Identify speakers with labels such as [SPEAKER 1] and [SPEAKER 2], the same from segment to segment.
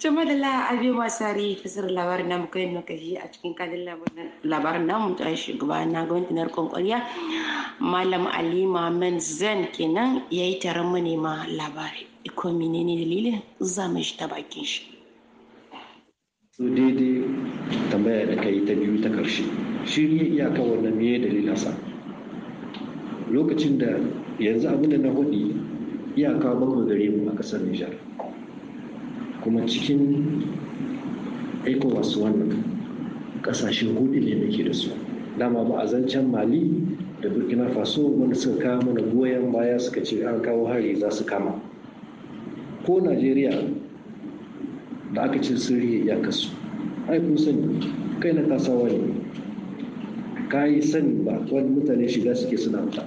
[SPEAKER 1] Cuma da la'abi masu hari fasar labarin namu kai makashi a cikin kalin kadin labarin namu ta shugaba na gwamnati na rikon kwarya Malam Ali Mohamed Zen kenan ya yi taron manema labarai. Iko menene dalilin za mu shi ta bakin shi. Su daidai tambaya da kai ta biyu ta karshe. Shi ne iyaka wannan me dalilin sa? Lokacin da yanzu abin da na hudi iyaka bakwai gare mu a kasar Nijar. kuma cikin ecowas wannan kasashe hudu ne muke da su dama ba a zancen mali da burkina faso wanda suka kawo mana goyon baya suka ce an kawo hari za su kama ko najeriya da aka ce sun riya iyakarsu ai kun sani kai na kasawa ne ka yi sani ba wani mutane shiga suke suna fita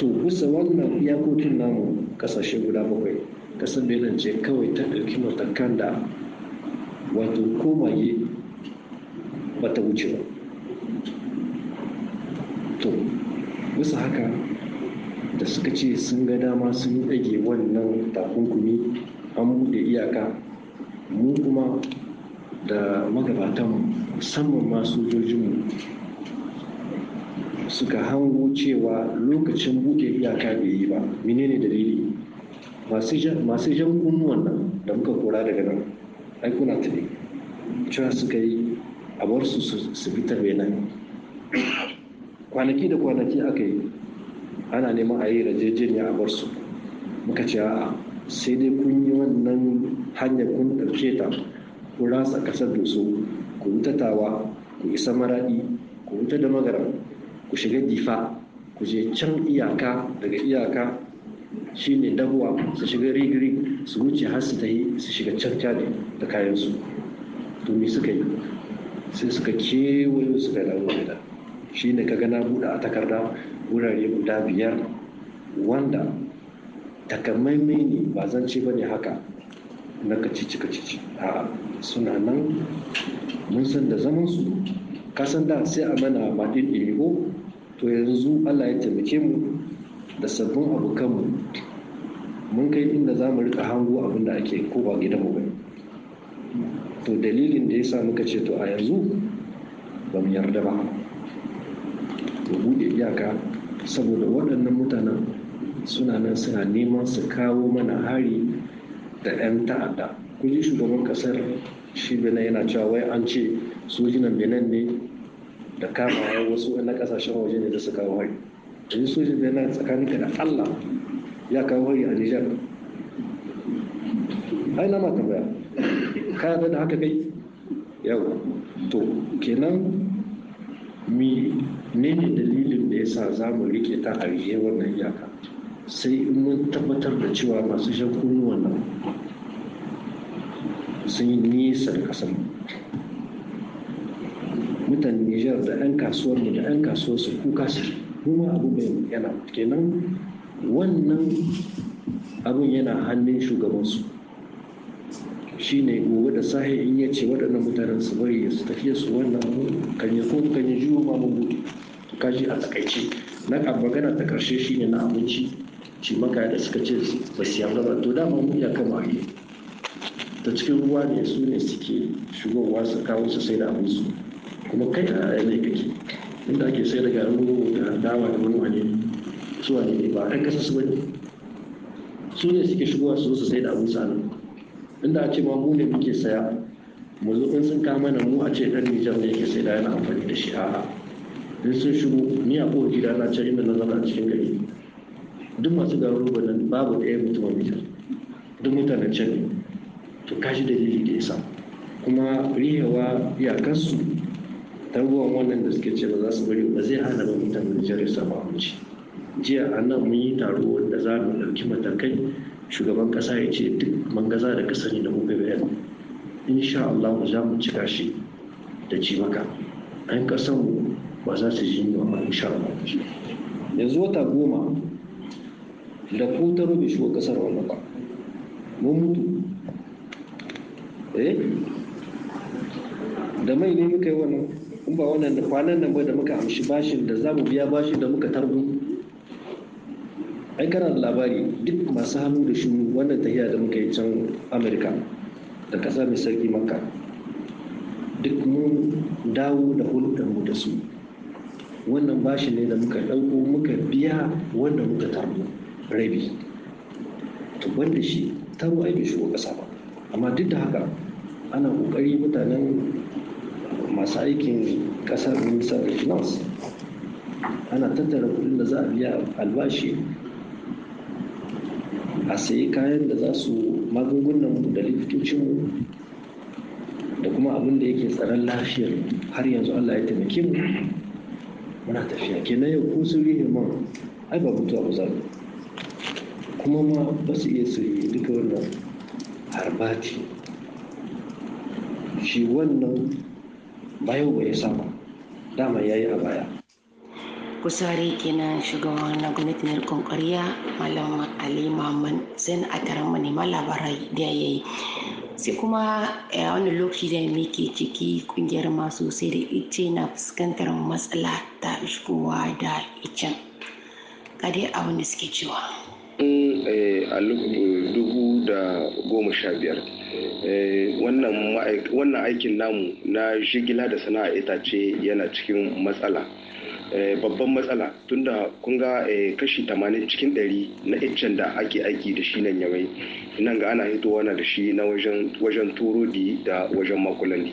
[SPEAKER 1] to bisa wannan iyakokin namu kasashe guda bakwai ƙasar da ce kawai ta ɗauki matakan da wato komaye ta wuce ba to bisa haka da suka ce sun ga dama sun ɗage wannan takunkumi an buɗe iyaka mu kuma da magabatan musamman ma sojojinmu suka hango cewa lokacin buɗe iyaka bai yi ba menene dalili masu jan kunnuwan nan da muka kora daga nan ai kuna tuni cewa suka yi a bar su su fitar nan. kwanaki da kwanaki aka yi ana neman a yi rajejeniya a bar su muka ce a'a sai dai kun yi wannan hanyar kun ɗauke ta ku rasa ƙasar doso ku wuta tawa ku isa maraɗi ku wuta da magara ku shiga difa ku je can iyaka daga iyaka shine dabuwa su shiga rigiri su wuce har su tayi su shiga can da kayansu to me suka yi sai suka kewayo suka dawo gida shi ne kaga na buɗe a takarda wurare guda biyar wanda takamaimai ne ba zan ce ba ne haka na kacici kacici a suna nan mun san da zaman su kasan da sai a mana baɗin ɗirigo to yanzu allah ya taimake mu da sabbin abu abokanmu mun kai inda za mu rika hango abin da ake ko ba mu ba to dalilin da ya sa muka ce to a yanzu ba mu yarda ba to buɗe iyaka saboda waɗannan mutanen suna nan suna neman su kawo mana hari da 'yan ta'adda kuji shugaban kasar shi bane yana cewa wai an ce sojinan benin ne da kama wasu na kasashen waje ne da su kawo hari yanzu sojin da yana tsakaninka da allah ya kawo hari a nijar ai na ma tambaya kaya da haka kai yau to kenan mi ne ne dalilin da ya sa za mu rike ta a wannan iyaka sai in mun tabbatar da cewa masu shan wannan nan sun yi nisa da kasar mutane nijar da 'yan kasuwar mu da 'yan kasuwar su kuka su kuma abu mai yana kenan wannan abun yana hannun shugabansu shi ne gobe da sahi in ya ce waɗannan mutanen su bari su tafiye su wannan kan yi ko kan yi juyo ma ka kashi a takaice na magana ta karshe shi ne na abinci ci maka da suka ce ba su yamma ba to dama mu ya kama yi ta cikin ruwa ne su ne suke shigowa su kawo su sai da abin su kuma kai a ne kake inda ake sai da garin rogo da dawa da wani ne, su ne ba kan kasa su bane su ne suke shigowa su su sai da abin sanin inda a ce ma mu ne muke saya mu zo in sun kama na mu a ce dan Nijar ne yake sai da yana amfani da shi a'a in sun shigo ni a kowace gida na can inda na zama a cikin gari duk masu garin rogo nan babu ɗaya a Nijar duk mutanen can ne to kashi dalili da ya sa kuma rihewa iyakansu tarbuwan wannan da suke ce ba za su bari ba zai hana ba mutanen Nijar ya samu abinci jiya a nan mun yi taro wanda za mu ɗauki matakai shugaban ƙasa ya ce duk mangaza da ka sani da OPBN insha Allah za mu cika shi da maka an ƙasan ba za su ji ba insha Allah yanzu wata goma da ko ta rubi shi ƙasar wannan ba mun mutu eh da mai ne muka yi wannan in ba wannan kwanan nan bai da muka amshi bashin da za mu biya bashin da muka tarbu ai kana labari duk masu hannu da shi wannan tahiya da muka yi can amurka da kasa mai sarki makka duk mun dawo da hulɗarmu da su wannan bashi ne da muka ɗauko muka biya wanda muka tarbu rabi to wanda shi taro ai bai shigo ƙasa ba amma duk da haka ana ƙoƙari mutanen masu aikin ƙasar minista da finance ana tattara kuɗin da za a biya albashi a sayi kayan da za su magungunan da likitocinmu da kuma abin da yake tsaron lafiyar har yanzu allah ya taimake mu muna tafiya kenan yau ko su rihe ma ai ba mutuwa ba za kuma ma ba su iya su yi duka wannan harbati shi wannan ba ya saba dama ya yi a baya kusari kenan shugaban na gwamnatin rikon ƙwarya malam ali maman zan a taron ma labarai da ya yi sai kuma a wani lokaci da muke ciki kungiyar masu sai da ice na fuskantar matsala ta shigowa da icen kade abin da suke cewa
[SPEAKER 2] eh, dubu da goma sha biyar Eh, wannan aikin namu na shigila da sana'a itace yana cikin matsala eh, babban matsala tunda kun ga eh, kashi 80 cikin 100 na iccen da ake aiki da shi nan yawai nan ga ana hitowa wana da shi na wajen turodi da wajen makulandi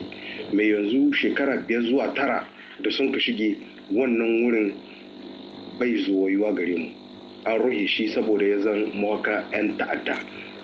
[SPEAKER 2] mai yanzu shekara biyar zuwa tara da sun ka shige wannan wurin bai zuwayuwa gare mu an ruhe shi saboda ya zan mawaka 'yan ta'adda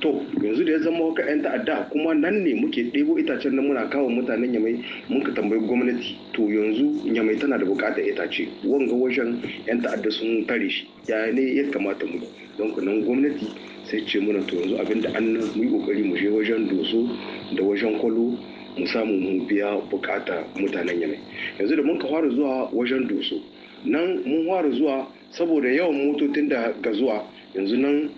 [SPEAKER 2] to yanzu da ya zama haka 'yan ta'adda kuma nan ne muke ɗebo itacen nan muna kawo mutanen yamai mun ka tambayi gwamnati to yanzu yamai tana da bukatar itace wanga wajen 'yan ta'adda sun tare shi ya ne ya kamata mu don nan gwamnati sai ce muna to yanzu abin da an mu yi kokari mu je wajen doso da wajen kwalo mu samu mu biya bukata mutanen yamai yanzu da mun ka fara zuwa wajen doso nan mun fara zuwa saboda yawan motocin da ga zuwa yanzu nan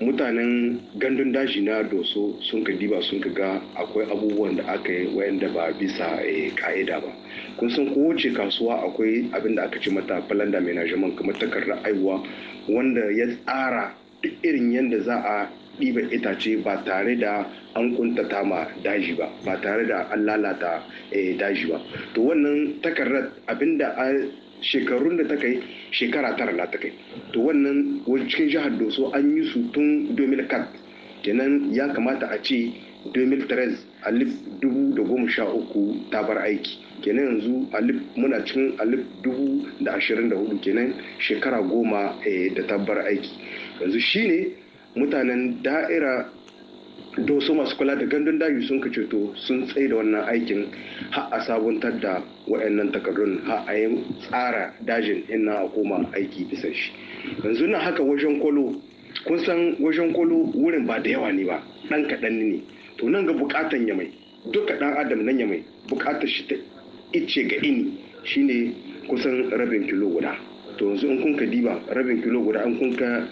[SPEAKER 2] mutanen gandun daji na doso sun ka diba sun ka ga akwai abubuwan da aka yi wayanda ba bisa eh, ka'ida ba kun san kowace kasuwa akwai abin da aka ce mata falanda management kamar takardar aiwa wanda ya tsara duk irin yadda za a ɗiba itace ba tare da an kuntata ma daji ba ba tare da an lalata eh, daji ba to wannan takardar abinda shekarun da ta kai shekara tara na ta kai to wannan cikin jihar doso an yi su tun 2004 kenan ya kamata a ce 2013 alif 2013 ta bar aiki kenan yanzu alif muna cikin alif 2024 kenan shekara goma eh, da ta bar aiki yanzu shine mutanen da'ira do su masu kula da gandun daji sun ka ceto sun tsaye da wannan aikin har a sabuntar da wayannan takardun har a yi tsara dajin ina a koma aiki bisa shi yanzu na haka wajen kolo kun san wajen kolo wurin ba da yawa ne ba ɗan kaɗan ne to nan ga buƙatan ya mai duka ɗan adam nan ya mai bukatar shi ta ice ga ini shine kusan rabin kilo guda to yanzu in kun ka diba rabin kilo guda an kun ka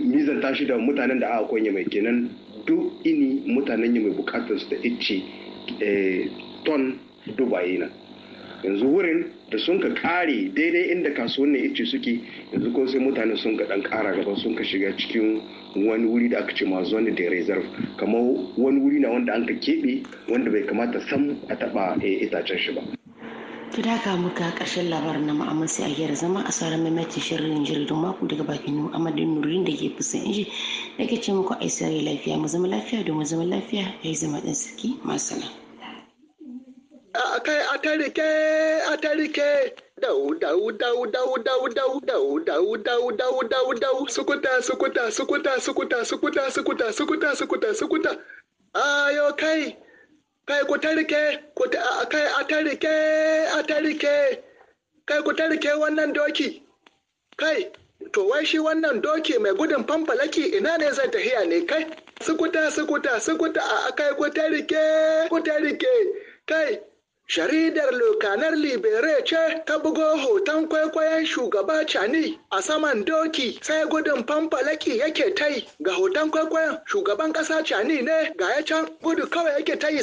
[SPEAKER 2] mizanta shi da mutanen da aka kwanya mai kenan duk ini mutanen mai bukatar su da ice eh, ton dubaye na yanzu wurin da sun ka kare daidai inda kasuwannin ice suke yanzu ko sai mutane sun ka dan kara gaba sun ka shiga cikin wani wuri da aka ce ma zone da reserve kamar wani wuri na wanda an ka keɓe wanda bai kamata sam a taba eh, itacen shi ba
[SPEAKER 1] To da ka muka karshen labarin na ma'amman sai a gyara zama a mai mace shirin jirgin mako daga bakin amadin Nurin da ke fusa inji nake ce muku ai sai lafiya mu zama lafiya da mu zama lafiya yi zama ɗan masu masana
[SPEAKER 2] akai a tarike a tarike dau dau dau dau dau dau dau dau dau dau dau dau sukuta sukuta sukuta sukuta sukuta sukuta sukuta sukuta sukuta ayo kai kai ku tarike ku kai a tarike a tarike kai ku tarike wannan doki kai to wai shi wannan doki mai gudun fanfalaki ina ne zai tahiya ne kai sukuta sukuta sukuta a akai kuta rike kuta rike kai Sharidar lokanar libere ce ta bugo hoton kwaikwayon shugaba Cani a saman doki sai gudun fanfalaki yake tai ga hoton kwaikwayon shugaban ƙasa Cani ne ga ya can gudu kawai yake tai